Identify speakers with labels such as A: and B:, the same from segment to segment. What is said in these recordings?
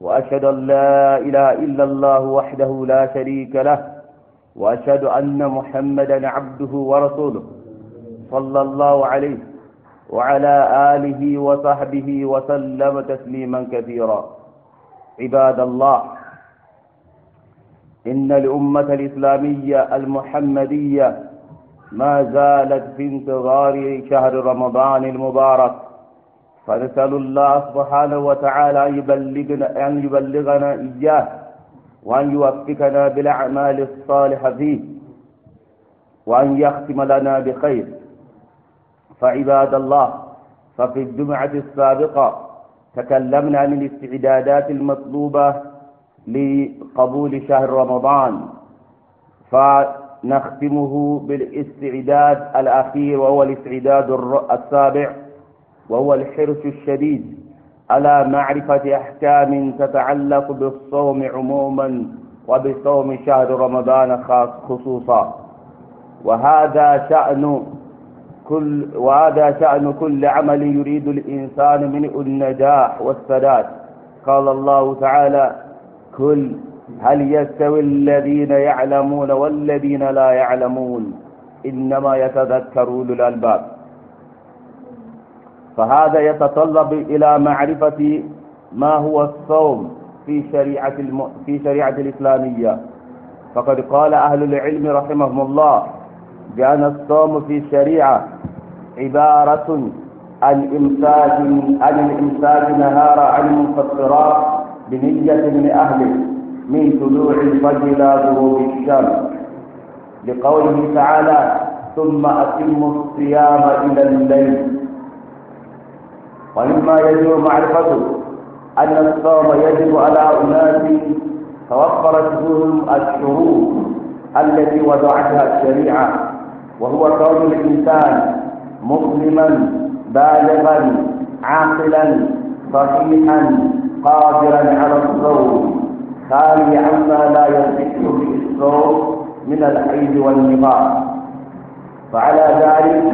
A: وأشهد أن لا إله إلا الله وحده لا شريك له وأشهد أن محمدا عبده ورسوله صلى الله عليه وعلى آله وصحبه وسلم تسليما كثيرا عباد الله إن الأمة الإسلامية المحمدية ما زالت في انتظار شهر رمضان المبارك فنسأل الله سبحانه وتعالى أن يبلغنا, أن يبلغنا إياه وأن يوفقنا بالأعمال الصالحة فيه وأن يختم لنا بخير فعباد الله ففي الجمعة السابقة تكلمنا عن الاستعدادات المطلوبة لقبول شهر رمضان فنختمه بالاستعداد الأخير وهو الاستعداد السابع وهو الحرص الشديد على معرفة أحكام تتعلق بالصوم عموما وبصوم شهر رمضان خاص خصوصا وهذا شأن كل وهذا شأن كل عمل يريد الإنسان من النجاح والسداد قال الله تعالى كل هل يستوي الذين يعلمون والذين لا يعلمون إنما يتذكرون الألباب فهذا يتطلب إلى معرفة ما هو الصوم في شريعة, الم... في شريعة الإسلامية فقد قال أهل العلم رحمهم الله بأن الصوم في الشريعة عبارة عن إمساك عن الإمساك نهارا عن المفطرات بنية لأهله من طلوع الفجر إلى غروب الشمس لقوله تعالى ثم أتم الصيام إلى الليل ومما يجب معرفته أن الصوم يجب على أناس توفرت لهم الشروط التي وضعتها الشريعة وهو كون الإنسان مسلما بالغا عاقلا صحيحا قادرا على الصوم خالي عما لا يصح به الصوم من الحيض والنفاق فعلى ذلك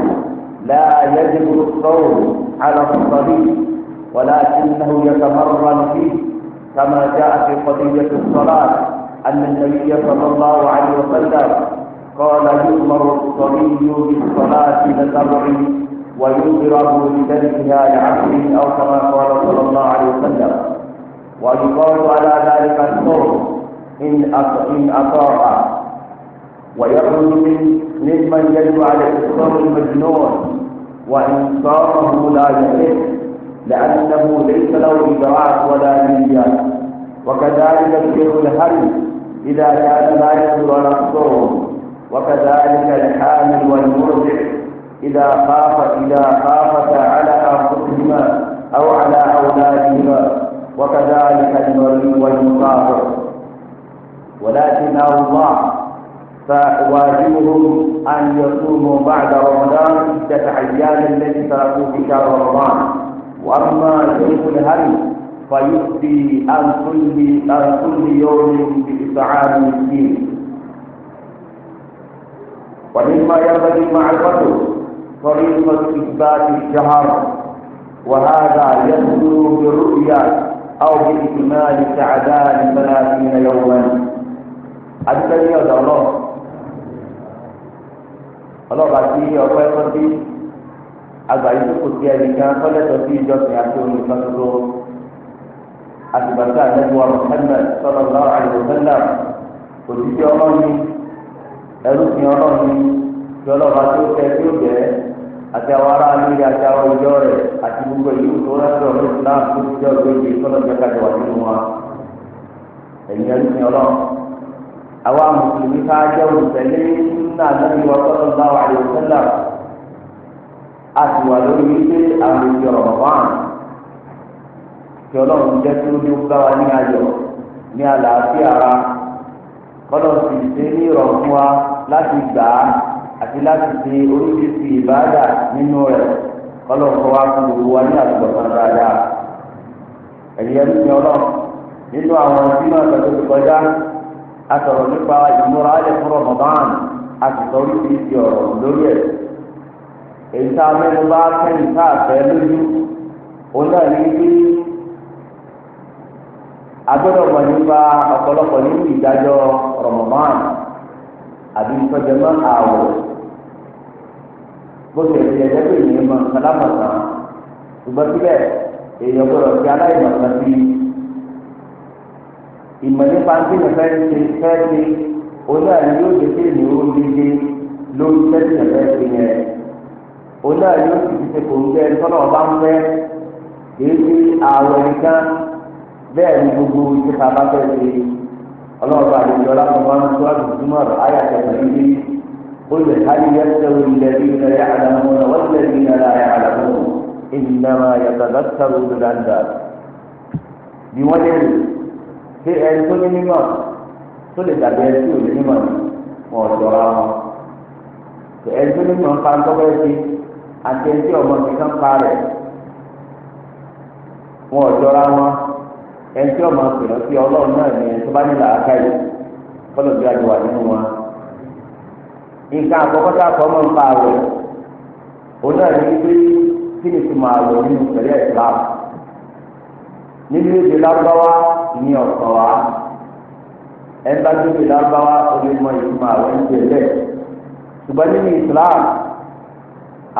A: لا يجب الصوم على الصبي ولكنه يتمرن فيه كما جاء في قضية الصلاة أن النبي صلى الله عليه وسلم قال يؤمر الصبي بالصلاة لسبع ويضرب بتركها لعبده أو كما قال صلى الله عليه وسلم ويقال على ذلك الصوم إن إن أطاع ويخرج من ممن يجب عليه الصوم المجنون وإنصاره لا يحب لأنه ليس له إدراك ولا نيات وكذلك الشيخ الهري إذا كان لا يقدر نفسه وكذلك الحامل والمرضع إذا خاف إذا خافت على أنفسهما أو على أولادهما وكذلك المريض والمسافر ولكن الله فواجبهم أن يصوموا بعد رمضان ستة أيام التي تركوا في شهر رمضان وأما شيخ الهم فيؤتي عن كل عن كل يوم بإطعام مسكين ومما ينبغي معرفته طريقة إثبات الشهر وهذا يبدو بالرؤيا أو بإكمال شعبان ثلاثين يوما الذي الله ọlọ́ba tí ọpẹ́ tó bí agbàyí tó kò sí ẹnìkan kọ́lẹ́tọ̀ sí ìjọsìn àti orin kan tó àtìgbàtà àtẹ́gbọ́ Muhammad sallallahu alaihi wasallam òtítí ọlọ́run ẹrú fi ọlọ́run tí ọlọ́ba tó tẹ tí ó bẹ̀ẹ́ àti àwọn ará nílé àti àwọn ìjọ rẹ̀ àti gbogbo ìlú tó rántí ọ̀rọ̀ Islam tó ti jẹ́ ògbéjì kọ́lọ́jọ́ kájọ wà nínú wa ẹ̀yìn ẹrú fi ọlọ́run àwa mùsùlùmí ká jẹ́ olùtẹ̀lé nínú àdáni wa sọ́dọ̀ bá wà lè sẹ́lẹ̀ a sì wà lórí wípé àwọn èdè ọ̀rọ̀ wọ́n kí ọlọ́run jẹ́ kí ó ní bá wa ní ayọ̀ ní àlàáfíà ara kọ́lọ̀ sì ṣe ní ìrọ̀rùn fún wa láti gbà á àti láti ṣe oríṣiríṣi ìbáàdà nínú rẹ̀ kọ́lọ̀ kọ́ wa fún gbogbo wa ní àdúgbò kan dáadáa ẹ̀yẹ́ ní ọlọ́run nínú àwọn tí wọ́n àgbàdo ti kọjá asọ̀rọ̀ nípa ìmúra alẹ́ fún Ramadan asọ̀rọ̀ oríṣiríṣi ọ̀rọ̀ lórí ẹ̀ èyí tá a mẹ́nu bá kẹ́yìn tá a fẹ́ lójú òun náà ní bí agbọ́dọ̀ mọ̀ nípa ọ̀pọ̀lọpọ̀ nínú ìdájọ́ Ramadan àbí ìtọ́jẹmọ́ àwọ̀ bó ṣe ti ẹ̀jẹ̀ pé ìyẹn mọ̀ nǹkan lámọ̀tàn ṣùgbọ́n síbẹ̀ èèyàn gbọ́dọ̀ fi aláìmọ̀tàn sí i ìmọ̀ nípa tí mo fẹ́ ṣe fẹ́ ṣe oná yóò ṣe ṣe ìlú líle lórí tẹ́sí ẹ̀fẹ́ ṣe yẹn oná yóò sì ti ṣe kòńgẹ́ tọ́nà ọba ń fẹ́ kìí ṣe ààrẹ nìkan bẹ́ẹ̀ ni gbogbo ṣe ká bá fẹ́ ṣe ọlọ́ọ̀bá àdéjọ lápapọ̀ ń tó àdùnkúmọ̀ àyà tẹ̀sán ilé olè hali yẹtẹ̀wé lẹ́rí lẹ́rí àdàmú náà wọ́n lẹ́rí lẹ́rí àdàmú wọ́n lè rè pé ẹni tó ní mímọ̀ tó lè dàbí ẹni tí ò ní wọn ọ̀dọ̀ ra wọn ẹni tó ní mímọ̀ ń pa ńkọ́kọ́ àti ẹni tí ọmọ kan pa wọn ọ̀dọ̀ ra wọn ẹni tí ọmọ pè lọ́sí ọlọ́run náà ní ẹni tó bá nílò yìí bí nínú wọn. nǹkan àkọ́kọ́ tá a kọ́ mọ́ ń pa ní ọ̀sán wa ẹgbẹ́ tó fi lárúbáwá onímọ̀ ìtumọ̀ àwọn ẹ̀jẹ̀ bẹ́ẹ̀ ṣùgbọ́n nínú Islam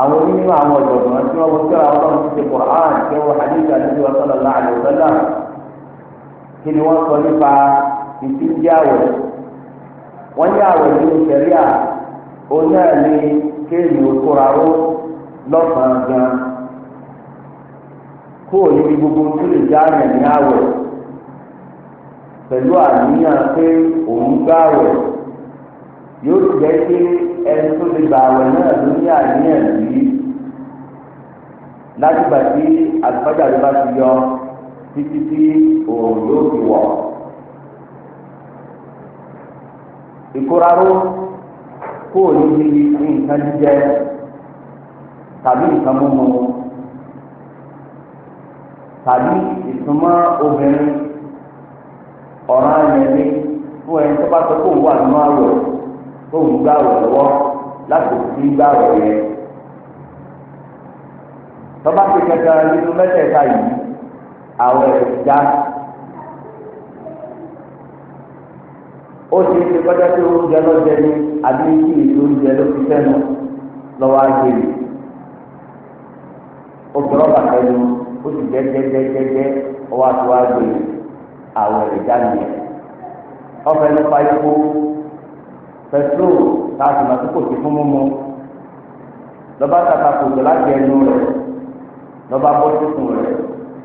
A: àwọn onímọ̀ àwọn ọ̀jọ̀gbọ́n tí wọ́n wọ́n tẹ́lẹ̀ àwọn ti kọ̀ án kí hadith àdúgbò ọ̀sán ọ̀la àdúgbò kí ni wọ́n sọ nípa àwẹ̀ wọ́n ní àwẹ̀ oní ẹ̀mí lọ́sàn-án gan gbogbo tó lè já àwẹ̀ pẹ̀lú àníyàn pé òun gbà wẹ̀ yóò jẹ́ pé ẹni tó lè gbà wẹ̀ náà ló ní àníyàn yìí látìgbà tí àlùfáàjà ló bá ti yọ títí tí òòrùn yóò fi wọ̀. ìkóraró kó o ní bí nǹkan jíjẹ tàbí nǹkan mímu tàbí ìsúnmọ́ obìnrin. ọ̀rọ̀ yẹn ní fún ẹni tó bá sọ kó wà nínú àwẹ̀ kó ń gbà wẹ̀ lọ́wọ́ láti fi gbà yẹn tọ́ba ti kẹta nínú mẹ́tẹ̀ẹ̀ta yìí àwẹ̀ ìdá ó ti ṣe kọjá pé oúnjẹ ní oúnjẹ ló fi lọ́wọ́ àgbèrè ó sì jẹ́ jẹ́jẹ́jẹ́jẹ́ ọwọ́ àti àgbèrè. àwẹ̀ ìdánìyẹ ọbẹ̀ nípa ikú pẹtrol láti mọ̀ tí sí fún mímu lọ́ba tata kòtò láti ẹnu rẹ lọ́ba bọ́ sísun rẹ̀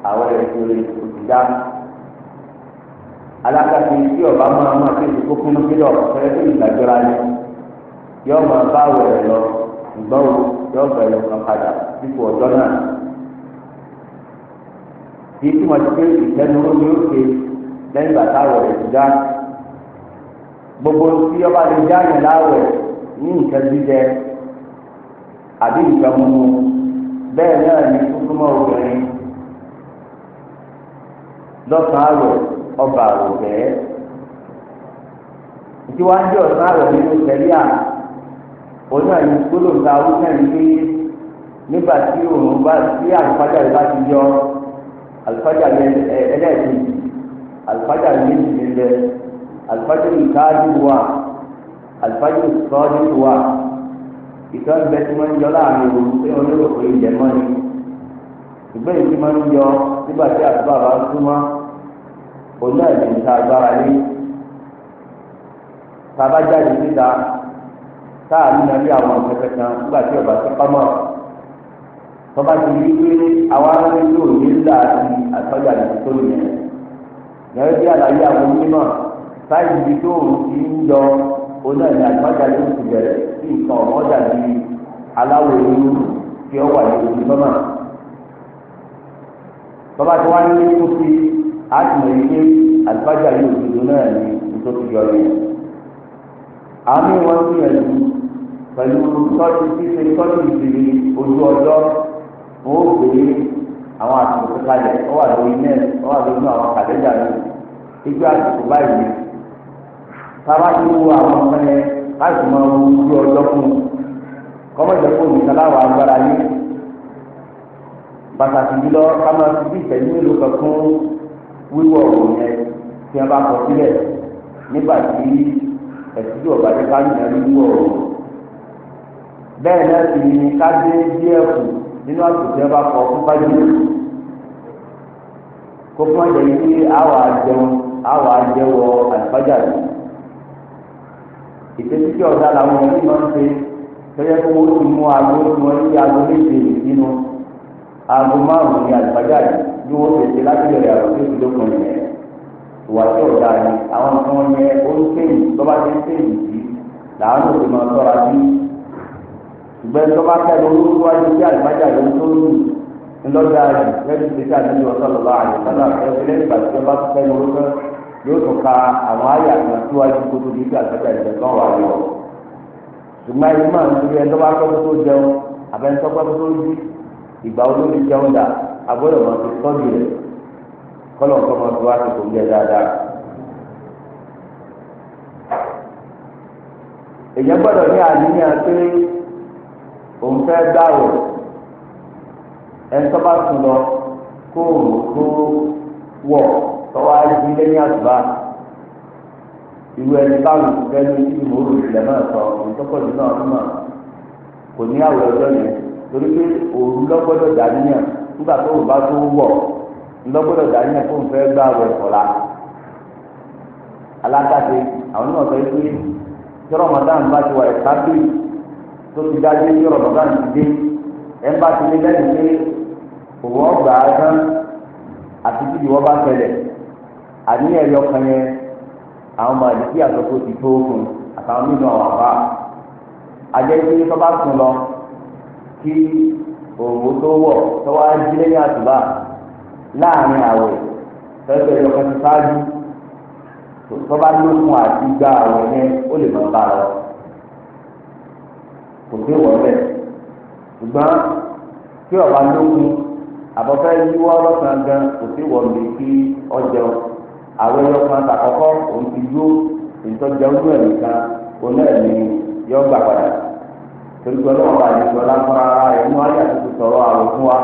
A: àwẹ̀ ìṣòro òtìdá alákàtí tí ọba máa máa fi ìdíkó fún kílọ̀ ìgbàjọra ni máa bá lọ ìgbọ́n o bẹ̀rẹ̀ kan padà dípò ọjọ́ náà ti pé ní ó lẹ́yìn ìgbà táwọ̀ rẹ̀ ti dá gbogbo tí ọba lè dá yẹn láwẹ̀ ní nǹkan jíjẹ àbí nǹkan mímu bẹ́ẹ̀ náà ní kúkúmọ́ obìnrin lọ́sàn-án àwẹ̀ ọba àwòjẹ́ tí wọ́n á jẹ́ ọ̀sán àwẹ̀ nínú tẹ̀lé à oní àyè gbólóńgbà awúsá yìí pé nígbà tí òun bá tí àlùfájà rẹ̀ bá ti yọ àlùfájà rẹ̀ ẹlẹ́ẹ̀kejì alifájà méjì ní bẹ alifájà ìkáàdì wà alifájà sọọdì wà ìtọ́ ìbẹ́ tí wọ́n ń yọ láàrin òru pé onírò pé ilẹ̀ mọ́ ni ìgbẹ́ yìí tí wọ́n ń yọ nígbà tí àtúbà bá súnmọ́ òun náà lè ta agbára lé tàbá jáde síta táà nínú ilé àwọn kẹkẹ kan nígbà tí ọba ti pamọ́ tọ́ba ti rí pé àwọn aráàlú yóò ní láàrin àtọ́jà lè tó yẹn gẹ́gẹ́ bí àlàyé àwọn onímọ̀ báyìí ibi tó òun ti ń yọ oná ní àgbájá ló ti bẹ̀rẹ̀ sí nǹkan ọ̀hún dàbí aláwọ̀ ewu tí ó wà ní ojú sọ́mà. bàbá tí wọ́n á ní kó sí àtìmọ̀ ilé àgbájá yóò ti lò náà ní tó ti yọ ní. àmì wọn ti yẹn lù pẹ̀lú tọ́jú ṣíṣe tọ́jú ìṣèlú ojú ọjọ́ wọn ó àwọn àtúntò tó kalẹ̀ ó wà lórí net ó wà lórí àwọn kàlẹ́dà mi ibi àtúntò báyìí sábà tó wo àwọn ọ̀pẹ́rẹ́ láti máa wo ojú ọjọ́ fún un kọ́mọ̀jọ́ fún mi sáláwọ̀ agbára yé pàtàkì jùlọ ká máa fi bí ìtẹ́jú mélòó kan fún wíwọ̀ òun yẹn tí wọ́n bá kọ sílẹ̀ nígbà tí ẹ̀sìn tí ọ̀bàjẹ́ ká ń yẹn wíwọ̀ bẹ́ẹ̀ náà sì ni ká dé díẹ̀ kù nínú àgùntàn yẹn bá kọ fún bájú kó fún ọjà yìí pé àwọn àjẹun àwọn àjẹwọ àlùfájà rẹ ìtẹ́sí tí ọ̀dà làwọn ẹni máa ń ṣe tẹ́lẹ̀ kó wọ́n ti mú aago tí wọ́n ti aago méje nínú aago márùn-ún ní àlùfájà rẹ bí wọ́n tẹ̀sí láti bẹ̀rẹ̀ àwọn tó ti lókun yẹn ìwà tí ọ̀dà ni àwọn nǹkan yẹn ó ń sèyìn tó bá ti ń sèyìn yìí làwọn ò ti máa tọ́ra bíi ìgbẹ́ni tó bá kẹ́lẹ́ olúwájú bí àlùmájà ló ń tó lù ńlọ́dà rẹ̀ lẹ́nu ti ká nílùú ọ̀sánlọ́lá àyẹ̀sánlá ẹgbẹ́ lẹ́yìn ìgbà tí wọ́n bá tó kẹ́lẹ́ olúwá yóò tún ka àwọn àyà àgbà tó wájú kó tó di bí àlùmájà ìgbẹ́ kan wà lọ. ṣùgbọ́n ẹni máa ń dúró ẹni tó bá tọ́ tó jẹun àbẹ́ni tó pẹ́ tó jí ìgbà olómi jẹun dà agbọ́dọ̀ máa ti ní àníyàn pé òun fẹ́ dáwọ̀ ẹni tó bá sùn lọ kó òun tó wọ̀ tọ́wọ́ ayélujára lẹ́yìn àdúrà irú ẹni báwo lẹ́nu tí mo rò ìlẹ̀ náà sọ òun tó pọ̀ jù ọdún kò ní àwọ̀ yẹn torí pé lọ́gbọ́dọ̀ dàníyàn nígbà tó bá tó wọ̀ lọ́gbọ́dọ̀ dàníyàn fẹ́ alágbàdé àwọn sọ pé tí tó ti dájú ní rọmọdán ti dé ẹnba ti lé lẹ́nu pé òun ọgbà á àti tí ìwọ́ bá tẹ̀lẹ̀ àní ẹ̀yọ kan yẹn àwọn ọmọ àdìsí àtọ́kọ́ ti tó fún àtàwọn nínú àwọn àbá àjẹ́ ìpínlẹ̀ tó bá sùn lọ kí òwò tó wọ̀ tó wá jí lẹ́yìn àtúbà láàrin àwẹ̀ ẹ̀yọ kan ti sáájú tó bá lókun àti àwẹ̀ yẹn ó lè máa kò dé wọ́n bẹ̀ ṣùgbọ́n tí ọba lókun àbọ̀fẹ́ yíwọ́ lọ́sàn gan kò dé wọ́n kí ọjọ́ àwọn ẹlọ́kan àkọ́kọ́ òun ti yó ìtọ́jà ojú ẹ̀ nìkan oná yọ gbà padà bá yẹn ara rẹ̀ mú ayé sọ̀rọ̀ àwọn fún wa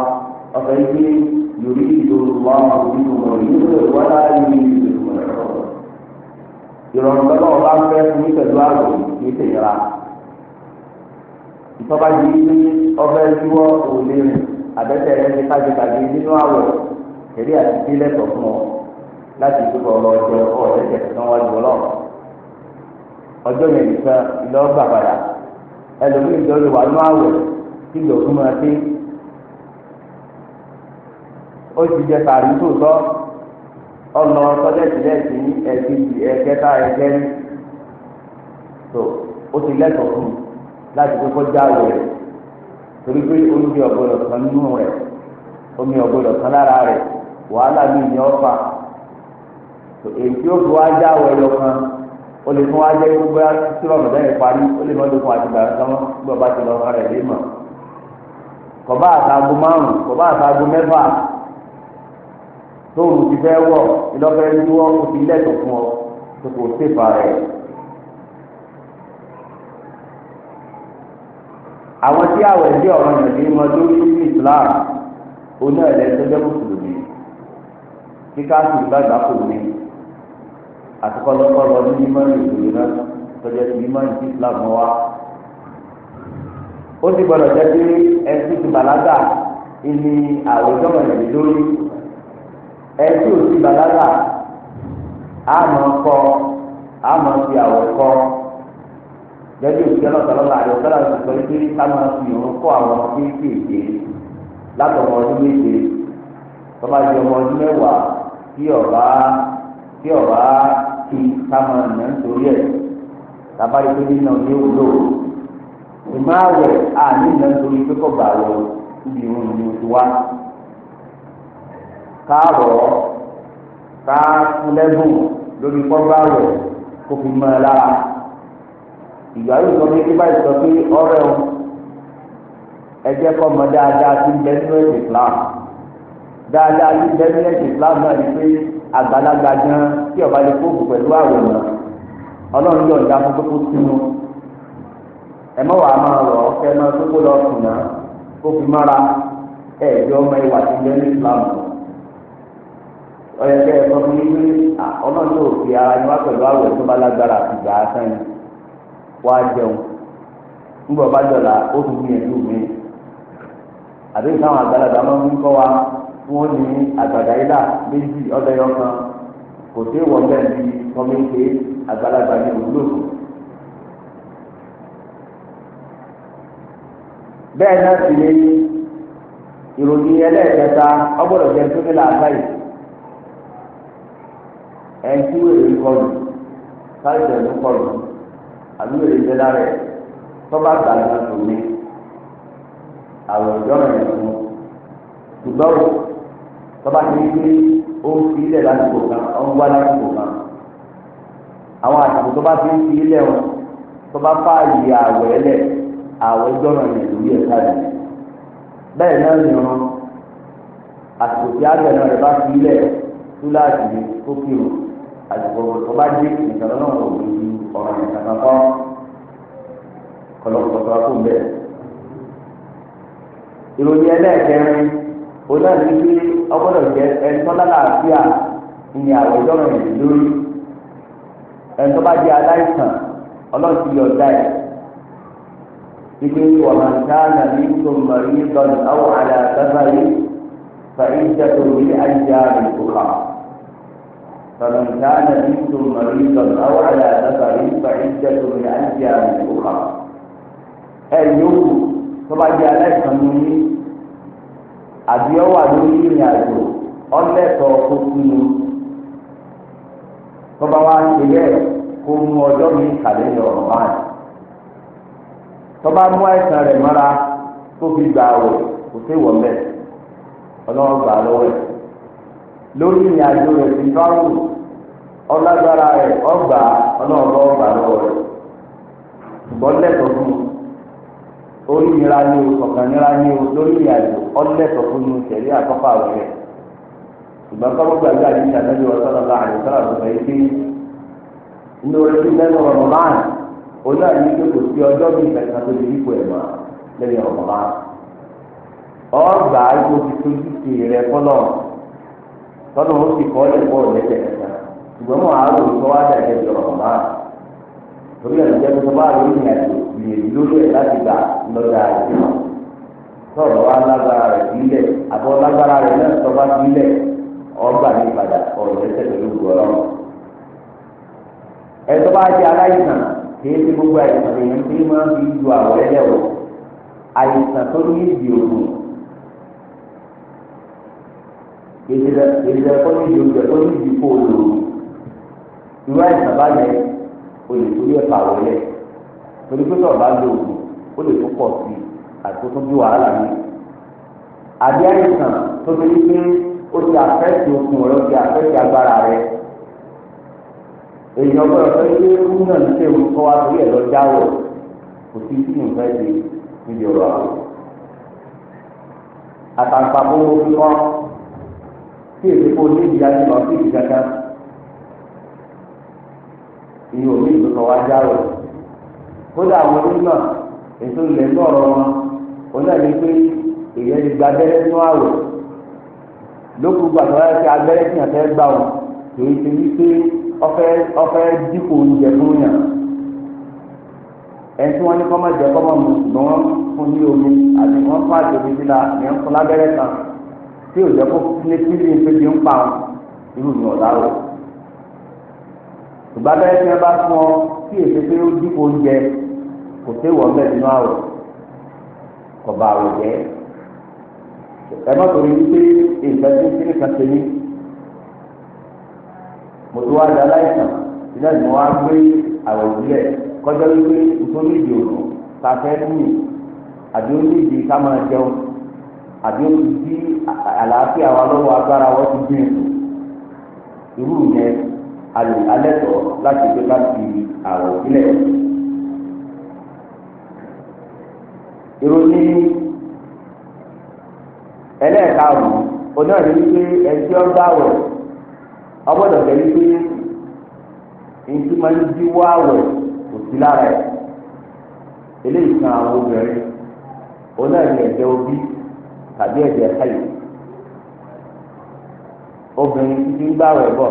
A: ọ̀fẹ́ yìí yorì wọ́n ìtọ́ba yìí ní ọbẹ̀ yíwọ́ òde rìn àbẹ́tẹ̀ rẹ̀ ní kájíkájí nínú àwọ̀ eré àti sílẹ̀ tọ̀ fún ọ láti dúpọ̀ lọ jẹ ọ̀ọ́dẹ̀dẹ̀ tó wọ́n jù lọ. ọjọ́ yẹn nìkan ilé ọgbà padà ẹlòmíì wà tí fún mi ti ó ti jẹ tààrí ọlọ láti kókó jáwé rẹ torí pé oúnjẹ ọ̀gbọ́dọ̀ kan nínú rẹ̀ omi ọ̀gbọ́dọ̀ kan lára rẹ̀ wàhálà mi ni ọ̀fà èyí tí ó fi wá jáwé ẹyọ kan o lè fún wa gbogbo tí wọ́n bẹ̀rẹ̀ parí lè mọ́tò fún àtìgbà ti lọ fún rẹ̀ àwọn tí àwẹ̀ ń dé yẹn ní mọ lórí ní Islam oná ẹ̀rẹ́ tó jẹ́ mùsùlùmí kíká sì gbàgbà kò ní àtikọ́lọ́kọ́ lọ ní mímọ́ ní ìlú náà tó jẹ́ ti mímọ́ ní Islam mọ́ wa. ó ti gbọ́dọ̀ jẹ́ pé ẹtí ti bàlágà ìní àwùjọ mọ̀lẹ́bí lórí ẹtí ò ti bàlágà àmọ́ kọ́ àmọ́ fi àwọ̀ kọ́ gẹ́gẹ́ òsì ọlọ́sọ̀lọ́lá àyọ̀ sọ́lá ti sọ pé ká máa fi òun kọ́ àwọn ọmọ kéékèèké látọmọ ọdún méje tọ́ba di ọmọ ọdún mẹ́wàá tí ọ̀bá tí ọ̀bá ti ká máa nà nítorí ẹ̀ tàbá yìí pé nínú ọdún yóò lò ìmọ̀ àwẹ̀ àní nà nítorí pé kò gbà wọ ibi ìrùn ti wá káàrọ̀ ká fún lórí pọ́ńbà àwẹ̀ kó fi mọ́ ẹ lára. ìgbà yóò sọ pé kí bá sọ pé ọ̀rẹ́ o ẹ jẹ́ kọ mọ dáadáa tí bẹ nínú ẹsẹ Islam dáadáa tí bẹ nínú ẹsẹ Islam náà ni pé àgbàlagbà gan ọba lè pẹ̀lú àwòrán Ọlọ́run yóò dá fún kókó sínú ẹ mọ wàá máa rọ ọkẹ náà tó kó lọ kó fi mára ẹ ẹjọ ọmọ ìwà tí wá jẹun nígbà bá jọ̀la ó tún gbìyànjú mi àbí káwọn àgbàlagbà máa ń kọ́ wa wọ́n ní àgbàdá ilà méjì ọ̀dọ̀ yọ kan kò sí ìwọ̀n ni àgbàlagbà ni òwúlò bẹ́ẹ̀ náà sì ni ìròyìn ẹlẹ́ẹ̀kẹta ọgbọ́dọ̀ jẹ́ tó ní làákàyè ẹ̀ńtí wèrè kọlù káyọ̀ kọlù. àbí wèrè ń bẹ lára ẹ̀ tọ́ba gbà ló tó mi àwọn fún ṣùgbọ́n o tọ́ba ti ní pé ó ń fi ilẹ̀ lásìkò kan ó ń wá lásìkò kan àwọn àsìkò tọ́ba ti ń fi ilẹ̀ wọn tọ́ba fààyè àwẹ̀ ẹlẹ̀ àwẹ̀ ìjọ rẹ̀ lórí ẹ̀ka rẹ̀ bẹ́ẹ̀ náà ni wọn àsìkò tí àgbẹ̀ náà rẹ̀ bá fi ilẹ̀ túláàsì tó àsìkò tó bá dé nìkan lọ́nà ò ní ju ọ̀rọ̀ nìkan kan kọ́ kọlọ́kọ̀ tó kó bẹ́ẹ̀. ìròyìn ẹlẹ́ẹ̀kẹrin onáàbí pé ọgbọ́dọ̀ jẹ ẹni tó lálàáfíà ìyìn àwùjọ rẹ̀ lórí ẹni tó bá jẹ aláìsàn ọlọ́run ti yọ ọ̀dà ẹ̀ ibi wà máa ká nàbí tó mọ̀rí dọ́nù àwọn àlàáfẹ́ báyìí fàyíjà tó wí àjà rẹ̀ kò kà. فمن كان منكم مريضا او على سفر فعدة من ايام اخرى ايوب طبعا جاء لك مني àbí ọwọ àdúgbò ìrìn àjò ọlẹ́tọ̀ kó sínú tọ́ba wa ń ṣe bẹ́ẹ̀ kó mú mi kàlẹ́ lọ báyìí tọ́ba mú gbà lọ́wọ́ ẹ̀. lórí ìyàjò rẹ̀ ti fáwọn ọlágbára rẹ̀ ọgbà ọlọ́ọ̀rọ̀ ọgbà lọ́wọ́ rẹ̀ ṣùgbọ́n lẹ́tọ̀ọ́ orí ni o kọ̀ọ̀kan nira ni o lórí ìyàjò tẹ̀lé àkọ́kọ́ àwọn rẹ̀ ṣùgbọ́n kọ́kọ́ gbàgbé yìí tó ọgbà ti tọ́lọ́ ó sì kọ́ lẹ́kọ́ lẹ́sẹ̀ kẹta ṣùgbọ́n mọ̀ àárò tó wá dàgbẹ́ jọ̀rọ̀ mọ́ a torí ẹ̀ jẹ́ tó bá rí ìrìn àjò ìrìn lórí ẹ̀ láti gbà lọ́dà àjò tọ́lọ́ wa lágbára rẹ̀ sílẹ̀ àbọ̀ lágbára rẹ̀ náà tọ́ bá sílẹ̀ ọgbà ní padà ọ̀rọ̀ lẹ́sẹ̀ pẹ̀lú gbọ́rọ̀ ẹ̀ tó bá jẹ́ aláìsàn kìí ṣe gbogbo àìsàn èèyàn tí wọ́n fi ju èdè èdè ẹ̀kọ́ ní ìdí oúnjẹ tó ní ìdí kó o lò ó irú àìsàn bá yẹ o lè torí ẹ̀fà wọlé torí pé sọ̀rọ̀ bá lo oògùn ó lè tó pọ̀ sí i àti tó tún bí wàhálà mi àbí àìsàn tó fi pé ó ti àfẹ́sì okùn rẹ ó ti àfẹ́sì agbára rẹ èèyàn gbọ́dọ̀ fẹ́ pé ó náà ń ṣe òkọ́ wa torí ẹ̀ lọ jáwọ̀ kò sí sí nǹkan ṣe níbi ọ̀rọ̀ àwọn àtàǹpà gbogbo kíkọ́. tí èdè kó ní ìdí ajé máa fi ìdí kankan ìhò mi ìlú kan wá kódà àwọn onímọ̀ ètò ilẹ̀ ń bọ̀rọ̀ wọn onáà ní pé èyẹ gba abẹ́rẹ́ nínú àwẹ̀ láti abẹ́rẹ́ tí gbà wọn ọfẹ́ dípò oúnjẹ fún yàn ẹni tí wọ́n ní omi àti wọ́n fún àjòjì ní lábẹ́rẹ́ tí òjò kó lé síbi ìpèjì ń pa irú mi ọ̀la o ìgbà bẹ́ẹ̀ tí wọ́n bá fún ọ kí èsì pé ó dín oúnjẹ kò sí ìwọ̀n bẹ́ẹ̀ nínú àwọ̀ ọ̀bà àwọ̀ jẹ́ ẹ má torí wípé nǹkan tí kíni kan ṣe ní mo ti wá da láìsàn ìdá ìmọ̀ wá gbé àwọ̀ ìbílẹ̀ kọjá wípé nítorí ìdí òòrùn ta fẹ́ nìyí ká máa jẹun. àbí ó ti di àlàáfíà wa lọ́wọ́ agbára wọ́n ti dín ìlú irú yẹn alẹ́tọ̀ láti gbé bá àwọ̀ sílẹ̀. ìròyìn ẹlẹ́ẹ̀karùn-ún wípé ẹjẹ́ ọgbà wẹ̀ ọgbọ́dọ̀ tẹ̀lé pé èyí máa ń díwọ́ kò sí lára ẹ̀ eléyìí kan àwọn obìnrin ẹ̀jẹ̀ obì. tàbí ẹ̀jẹ̀ káyì obìnrin títí ń gbàwẹ̀ bọ̀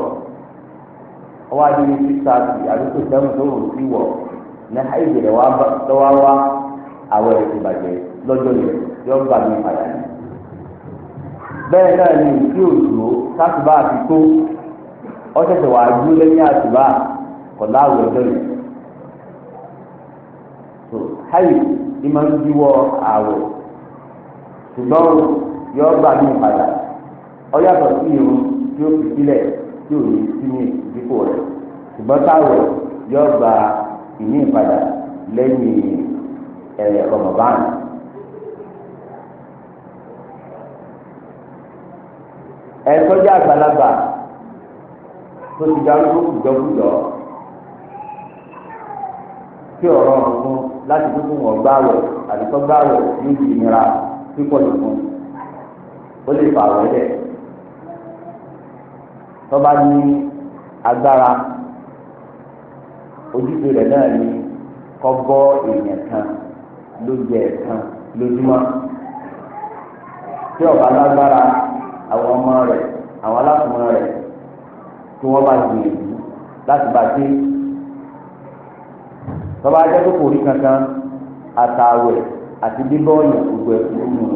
A: ọwọ́ adìyẹ ti sáàtì àdúgbò sẹ́wọ̀n tó rò sí wọ̀ ní àìjẹ wá wá àwọ̀ rẹ̀ ti bàjẹ́ lọ́jọ́ yẹn yọ gbà mí padà ní. bẹ́ẹ̀ náà ni ìdí àti tó ọ̀ṣẹ̀ṣẹ̀ wàá lẹ́yìn kọ̀lá ń àwọ̀ ṣùgbọ́n yọ gbà mí padà ọyàtọ̀ sí irun tí ó fi sílẹ̀ tí ò ní sí ní ìdíkò rẹ̀ ṣùgbọ́n táwọn yọ gbà ìní ìpadà lẹ́yìn ẹ̀rẹ̀ Ramadan. ẹ̀sọ́jà àgbàlagbà tó ti darúgbó kùjọ́kùjọ́ tí ọ̀rọ̀ ọ̀hún láti dúkùn ọ̀gbáwẹ̀ àdìsọ́gbáwẹ̀ yóò di ìnira pípọ̀ nìkan ó lè fà wọ́n lẹ̀ tọ́ba ní agbára ojúṣe rẹ̀ náà ni kọ́gbọ́ èèyàn kan lójú ẹ̀ kan lójúmọ́ tí ọba lágbára àwọn ọmọ rẹ̀ àwọn alákùnrin rẹ̀ tí wọ́n bá gbìyànjú láti bá dé tọ́ba ajẹ́ kókò orí kankan àtàwẹ̀ àti bíbọ́ ọ̀yàn gbogbo ẹ̀kú mu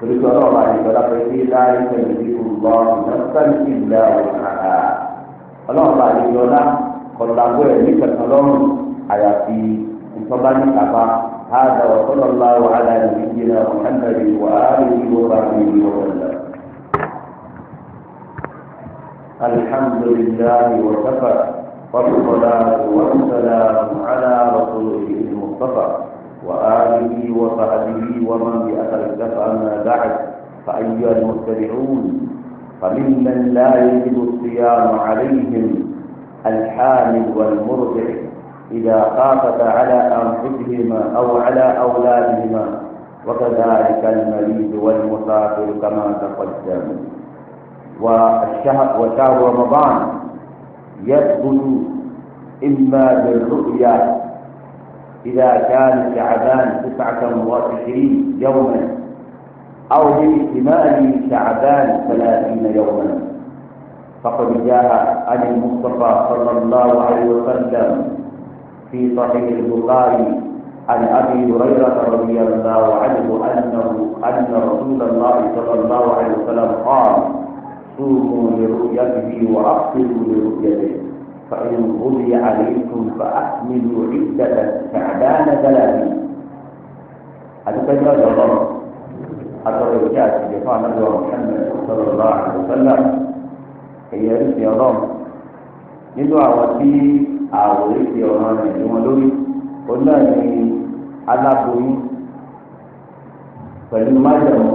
A: torí pé ọlọ́run àdìgbọ́lá pé kí láàrin pẹ̀lú bí olùgbọ́ ìdánsáré sí ìlà òkàrà ọlọ́run àdìgbọ́lá kọ̀ọ̀lágbó ẹ̀ ní kẹ̀kọ́ lọ́rùn àyàfi ìtọ́ba ní kàfá هذا وصلى الله على نبينا الحمد لله وكفى والصلاة والسلام على رسوله المصطفى وآله وصحبه ومن بأثر ما بعد فأيها المتبعون فممن لا يجب الصيام عليهم الحامل والمرضع إذا خافت على أنفسهما أو على أولادهما وكذلك المريض والمسافر كما تقدم والشهر وشهر رمضان يثبت إما بالرؤيا إذا كان شعبان تسعة وعشرين يوما أو باحتمال شعبان ثلاثين يوما فقد جاء عن المصطفى صلى الله عليه وسلم في صحيح البخاري عن أبي هريرة رضي الله عنه أنه أن رسول الله صلى الله عليه وسلم قال صوموا لرؤيته وأفطروا لرؤيته فإن غلي عليكم فأحملوا عدة تعدان ثلاثين أتكلم الله أترى الكاس بقاء نبي محمد صلى الله عليه وسلم هي رسي الله nínú àwọn tí àwòrán ti ọ̀ràn rẹ̀ ní wọn lórí òun náà ni aláboyún pẹ̀lú májèmú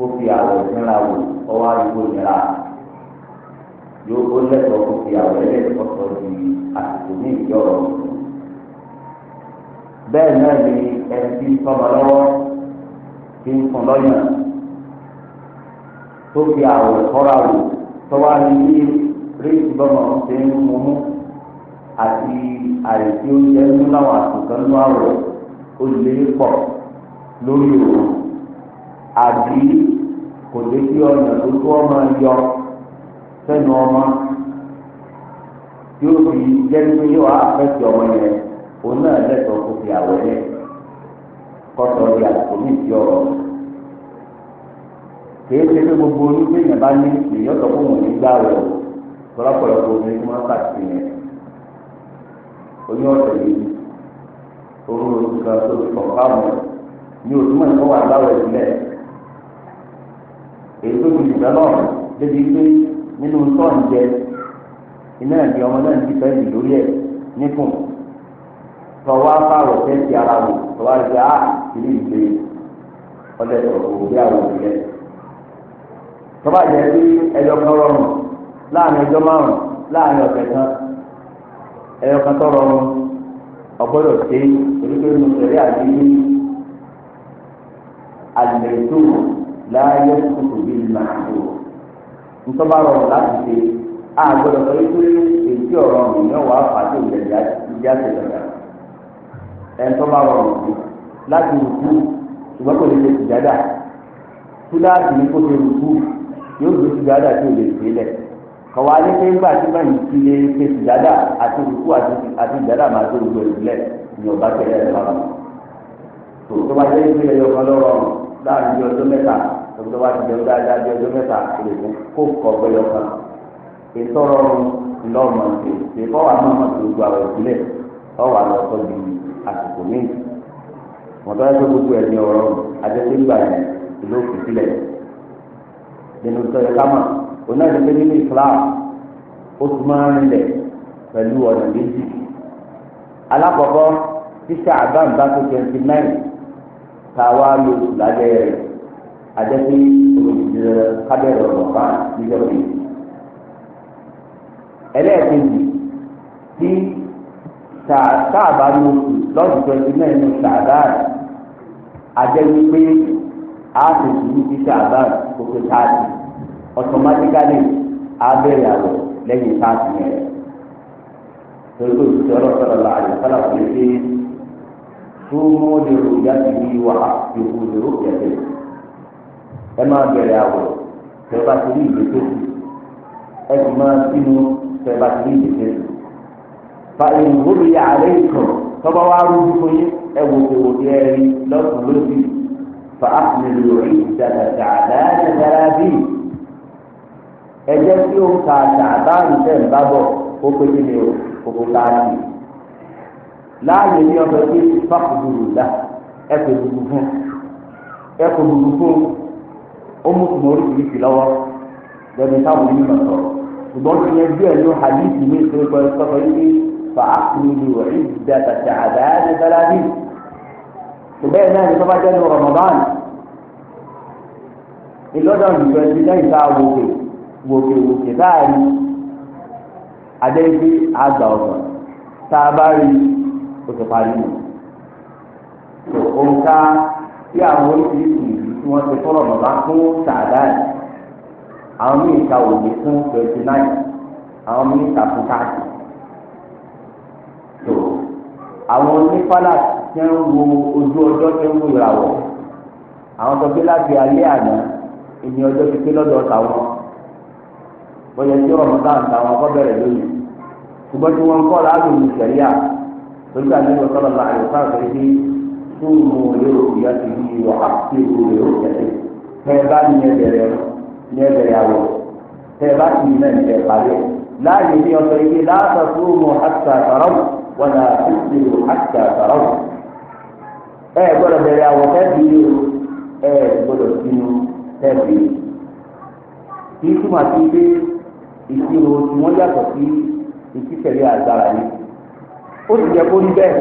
A: ó fi àwọ̀ ìsinra wò ọwọ́ àdúgbò nira yóò ó lẹ́tọ̀ọ́ kó fi àwọn ẹlẹ́tọ̀ọ́ sọ di àsìkò ní ìjọ rọ̀. bẹ́ẹ̀ náà ni ẹni tí ń tọ́mọ lọ́wọ́ ti ń fún lọ́yàn tó fi àwọ̀ kọ́ra wò tọ́wá ní bí ríṣì bọ́mọ̀ ṣe ń mú mú àti àìsí oúnjẹ ń láwọn àtúntò ń lọ àwọ̀ ó pọ̀ lórí òun àbí kò lè fi ọ̀nà tó tó ọmọ yọ fẹ́nu ọmọ yóò fi jẹ́ pé yóò á fẹ́tì ọmọ yẹn òun náà lẹ́tọ̀ọ́ kó fi àwẹ̀ lẹ̀ kọ́tọ̀ di àsìkò ní ìdí ọ̀rọ̀ kìí ṣe pé gbogbo oyún tí èèyàn bá ní ìyọ́tọ̀ fún òun nígbà rẹ̀ o tọ́lọ́pọ̀lọpọ̀ omi tí wọ́n kàtì yẹn oyún ọ̀sẹ̀ yìí orú kan tó ti pọ̀ báwọn ní òtúmọ̀ ìfọwọ́ àgbáwẹ̀ sílẹ̀ èyí tó ti dùn náà débi pé nínú tọ́ǹjẹ iná ẹ̀dí ọmọ náà ti fẹ́ẹ́ dì lórí ẹ̀ níkùn tọwọ́ afáwọ̀ tẹ́sí ara wò tọwọ́ àti á ìdílé ìgbé ọdẹ tọ̀wọ̀ òbí àwọn òbílẹ̀ tọ́ba jẹ́ bí ẹyọ kan rọrùn láàrin ọjọ́ márùn láàrin ọ̀sẹ̀ kan ẹyọ kan tọ́ rọrùn ọgbọ́dọ̀ ṣe oríṣi nínú ìṣẹ̀lẹ̀ àti ní àlẹ́ tó láyé kùtù bíi màá tó. Ntọba rọrùn láti ṣe àgbọ̀dọ̀ sọ wípé èyí ọ̀rọ̀ ọ̀hún yóò wá fàájì òjòjì ìdí àtẹ̀lẹ̀dà ẹ̀ńtọ́ba rọrùn sí láti rùkú ṣùgbọ́n kò lè ṣe ìjádà túláàsì ní kó ṣe rùkú yóò tí ò lè ṣe lẹ̀ kọ̀wá ní pé tí báyìí ti lè ṣe àti rùkú àti máa tó ọba tẹ̀lé ẹ̀ lọ́rùn tó bá jẹ́ ọjọ́ wa ti dẹ̀rù dáadáa bí ọjọ́ mẹ́ta lè fún kó kọ̀ gbẹ́yọ kan ìtọ́rọ ńlọ́ọ̀mọ̀ ṣe ṣe kọ́ wa máa máa gbogbo àwọn ìpínlẹ̀ ọ̀wà lọ́sọ̀ di àsìkò míì mọ̀tọ́ ẹgbẹ́ gbogbo ẹ̀ ní yẹn nínú nínú ó tún máa ń méjì tíṣà tó lò àjẹpé òṣìṣẹ́ kábẹ́rẹ́ ọ̀rọ̀ bá níjọ́ pé ẹlẹ́ẹ̀kejì tí sáàbà ní oṣù lọ́dún twenty nine ní sáàbà àjẹpé pé a ti sùúrù sí sáàbà kókó táàtì automatically abẹ́rẹ́ àwọ̀ lẹ́yìn táàtì yẹn torí pé ọlọ́sọ̀rọ̀ la àyẹ̀fọ́lá fún mi pé tó mọ́ lè ròyìn àti bí wàá yòókù lè ròyìn àti bí. ẹ máa bẹ̀rẹ̀ àwọ̀ tẹ bá ti rí tó ẹ sì máa tẹ bá ti rí tó fa àárẹ̀ ìkàn tọ́ba wa rú fún yín ẹ wò wò ẹ lọ́sùn fa bí ẹ jẹ́ kí o ó pé kí ni o láàyè ó mú tùmọ̀ oríṣiríṣi lọ́wọ́ lẹ́nu táwọn onímọ̀ sọ ṣùgbọ́n tí yẹn díẹ̀ ló hadithi ní ìṣòro pẹ̀lú sọ́kọ̀ yìí fa àkùnrin ìwà ìdá tàtà àdáyé bẹ́lábì ṣùgbọ́n ẹ̀ náà ní sọ́ba jẹ́ ní Ramadan ìlọ́dọ̀ ìgbẹ́ ti lẹ́yìn tá wòkè wòkè wòkè báyìí adéyébí àgbà ọ̀sán tá a bá rí oṣù parí nù. òǹkà tí àwọn oríṣiríṣi tí wọ́n ti fún ada fún sàdáì àwọn míì ta òye fún twenty nine àwọn awọn ta fún káàdì tó àwọn onífàlà tí ń wo ojú ọjọ́ tí ń wo ìràwọ̀ àwọn tó gbé láti alẹ́ àná ìní ọjọ́ lọ́dọ̀ bóyá tí kọ́ bẹ̀rẹ̀ lónìí ṣùgbọ́n tí wọ́n ń kọ́ ìṣẹ̀lẹ̀ à lójú àdéhùn sọ́lọ́lá súnmù lérògbìyà ti di wà á ti rò lérògbìyà ti tẹ ẹ bá ní ẹbẹrẹ ní ẹbẹrẹ àwọ tẹ ẹ bá ti ní ẹbẹrẹ parí láàyè ní ọsọ yìí láàtà súnmù àtà àtàràwù wọn à ti ti rò àtà àtàràwù ẹ gbọ́dọ̀ bẹ̀rẹ̀ àwọ tẹbi ẹ gbọ́dọ̀ sínú tẹbi kí túmọ̀ sí pé ìṣirò tí wọ́n yàtọ̀ sí ìṣísẹ̀lẹ̀ àgbára yìí ó sì yẹ kó rí bẹ́ẹ̀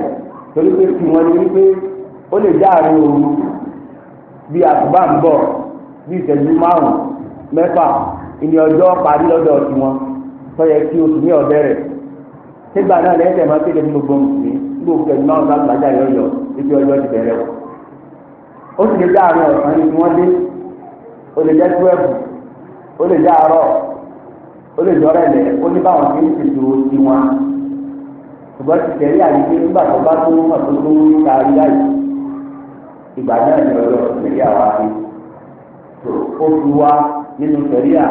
A: torí pé tí wọ́n lè rí ó lè já àárín ooru bí àtúbà ń bọ̀ bí ìṣẹ́jú márùn-ún mẹ́fà ìní ọjọ́ parí lọ́dọ̀ kí oṣù ní nígbà náà lẹ́yìn márùn-ún yọ̀yọ̀ ibi ọjọ́ ti bẹ̀rẹ̀ wọ̀ ó sì lè já àárín ọ̀sán ni wọ́n dé ó lè jẹ́ twelve ó lè jẹ́ àárọ̀ ó lè jọ́rẹ̀ lẹ̀ ó ní báwọn fi ìgbà náà ni ọjọ́ ìṣẹ̀lẹ̀ àwa fi tó ó fi wá nínú sẹ̀ríà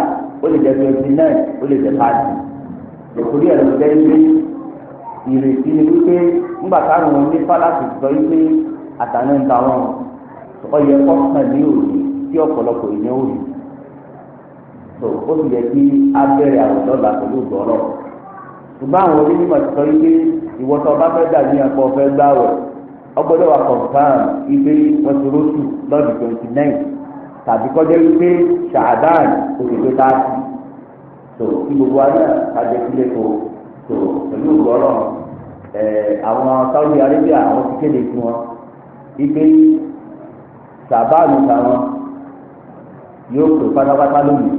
A: ó lè jẹ́ twenty nine ó lè jẹ́ thirty lòkúrí ẹ̀ ló jẹ́ ilé ìrètí ni wípé ńgbà táwọn onífà láti sọ ilé àtàná ń ta wọn ọyẹ kọ́kàn ní òní tí ọ̀pọ̀lọpọ̀ ìyẹn ò ní tó ó sì yẹ kí abẹ́rẹ́ àwùjọ là pẹ̀lú ìgbọ́rọ̀ ṣùgbọ́n àwọn onímọ̀ ti sọ ilé ìwọ́sọ̀ bá fẹ́ dà ní ẹ̀kọ́ fẹ́ gbáwẹ̀ ọgbọ́dọ̀ wa confam ibi wọn ti rótù lọ́dún twenty nine tàbí kọjá ibi ṣàdán òṣèlú tààtì tó kí gbogbo àná àjẹsílẹ̀ kò tó pẹ̀lú ìgbọ́rọ̀ àwọn Saudi Arabia àwọn ti kéde fún wọn ibi ṣàbáàlù táwọn yóò pè pátápátá lónìí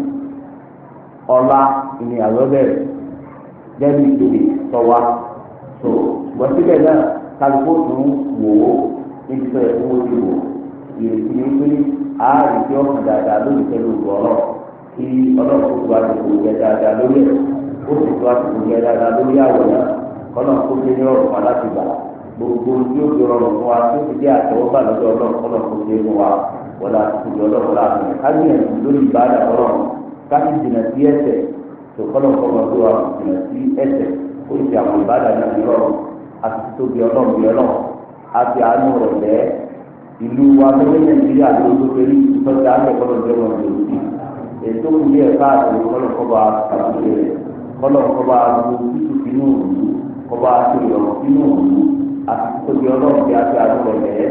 A: ọlá ìní àlọ́ bẹ̀rẹ̀ jẹ́bi ìkéde tọ́wa tó wọ́n síbẹ̀ náà kálukó tún wò ó níbi tó yẹ kó wọ́n ti wò ìrètí ni pé ààrùn tí ọkàn dáadáa lórí tẹ́lẹ̀ ògbọ́ náà kí ọlọ́run tó wá ti kò yẹ dáadáa lórí ẹ̀ ó sì tó wá ti kò yẹ dáadáa lórí àwọ̀ náà kọ́nà kó dé ní ọ̀rùn kan láti gbà gbogbo tí ó fi rọrùn fún wa tó fi dé àtẹwọ́gbà lọ́dọ̀ ọlọ́run kọ́nà kó dé fún wa wọ́n la ti kò lọ́dọ̀ láàrin kábíyèsí lórí ìbáàdà ọlọ́run káfí jìnà sí ẹsẹ̀ tó kọ́nà kọ́nà tó wà jìnà sí ẹsẹ̀ ó sì àwọn ìbáàdà náà ní ọ̀rùn àti tóbi ọlọ́run bí ọlọ́run àti àánú rẹ̀ lẹ́ ìlú wa lórí nàìjíríà ló ló pé ìtọ́jà akẹ́kọ̀ọ́ lọ́jọ́ wọn lè wí ètò ìlú ẹ̀ka àti kọ́lọ̀kọ́ba àtúnṣe rẹ̀ kọ́lọ̀kọ́ba gbogbo títù sínú òòlù kọ́ba àti ìrọ̀rùn sínú òòlù àti tóbi ọlọ́run bí àti àánú rẹ̀ lẹ́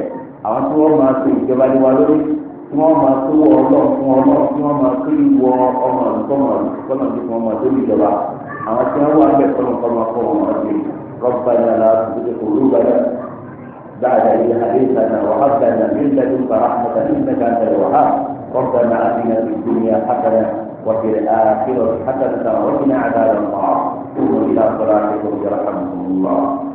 A: àwọn tí wọ́n máa ṣe ìjọba ní wa lórí tí wọ́n máa tó wọ ọlọ́run fún ọlọ́run tí wọ́n máa tó ìwọ ọmọ àlùkọ́mọ àlùkọ́mọ àti tí wọ́n tó ìjọba àwọn tí wọ́n wà bẹ́ẹ̀ kọ́lọ̀kọ́ba fọ́ ọmọ ìjọba. ربنا لا تزغ قلوبنا بعد إذ هديتنا وهب لنا من لدنك رحمة إنك أنت الوهاب ربنا آتنا في الدنيا حسنة وفي الآخرة حسنة وقنا عذاب النار قوموا إلى صلاتكم برحمكم الله